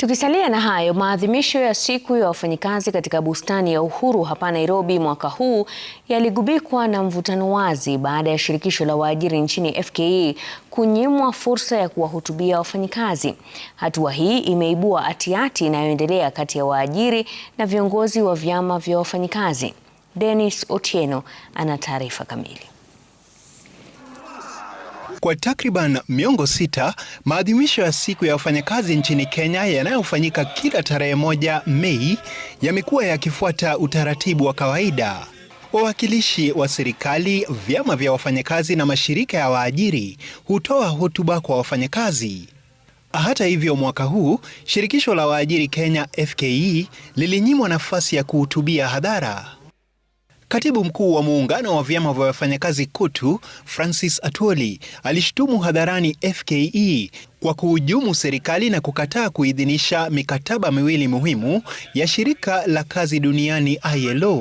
Tukisalia na hayo, maadhimisho ya siku ya wafanyikazi katika bustani ya Uhuru hapa Nairobi mwaka huu yaligubikwa na mvutano wazi baada ya shirikisho la waajiri nchini FKE kunyimwa fursa ya kuwahutubia wafanyikazi. Hatua hii imeibua atiati inayoendelea kati ya waajiri na viongozi wa vyama vya wafanyikazi. Dennis Otieno ana taarifa kamili. Kwa takriban miongo sita, maadhimisho ya siku ya wafanyakazi nchini Kenya yanayofanyika kila tarehe moja Mei yamekuwa yakifuata utaratibu wa kawaida. Wawakilishi wa serikali, vyama vya wafanyakazi na mashirika ya waajiri hutoa hotuba kwa wafanyakazi. Hata hivyo, mwaka huu shirikisho la waajiri Kenya FKE lilinyimwa nafasi ya kuhutubia hadhara. Katibu mkuu wa muungano wa vyama vya wafanyakazi KUTU Francis Atwoli alishtumu hadharani FKE kwa kuhujumu serikali na kukataa kuidhinisha mikataba miwili muhimu ya shirika la kazi duniani ILO.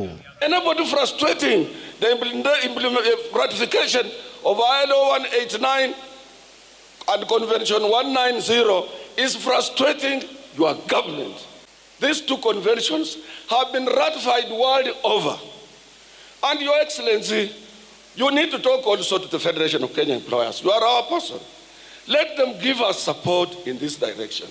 Uh, These two conventions have been ratified world over. And Your Excellency, you need to talk also to the Federation of Kenya Employers. You are our person. Let them give us support in this direction.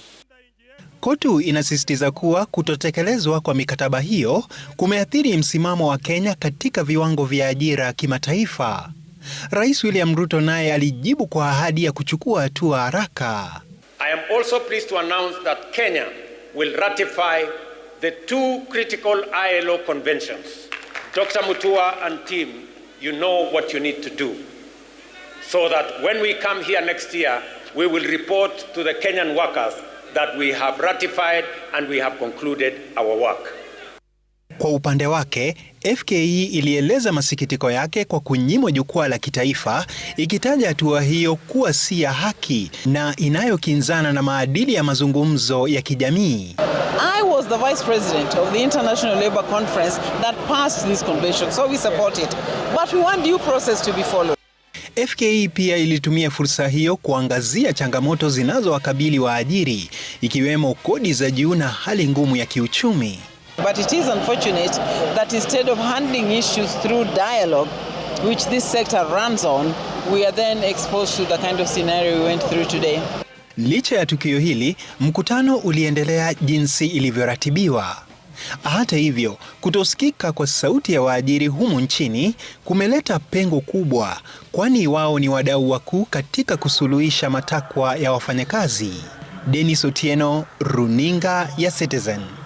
Kotu inasisitiza kuwa kutotekelezwa kwa mikataba hiyo kumeathiri msimamo wa Kenya katika viwango vya ajira kimataifa. Rais William Ruto naye alijibu kwa ahadi ya kuchukua hatua haraka. I am also pleased to announce that Kenya will ratify the two critical ILO conventions. Dr. Mutua and team, you know what you need to do so that when we come here next year, we will report to the Kenyan workers that we have ratified and we have concluded our work. Kwa upande wake, FKE ilieleza masikitiko yake kwa kunyimwa jukwaa la kitaifa ikitaja hatua hiyo kuwa si ya haki na inayokinzana na maadili ya mazungumzo ya kijamii. I was the vice president of the International Labour Conference that passed this convention, so we support it. But we want due process to be followed. FKE pia ilitumia fursa hiyo kuangazia changamoto zinazowakabili waajiri ikiwemo kodi za juu na hali ngumu ya kiuchumi. But it is unfortunate that instead of handling issues through dialogue which this sector runs on, we are then exposed to the kind of scenario we went through today. Licha ya tukio hili, mkutano uliendelea jinsi ilivyoratibiwa. Hata hivyo, kutosikika kwa sauti ya waajiri humu nchini kumeleta pengo kubwa, kwani wao ni wadau wakuu katika kusuluhisha matakwa ya wafanyakazi. denis Otieno, Runinga ya Citizen.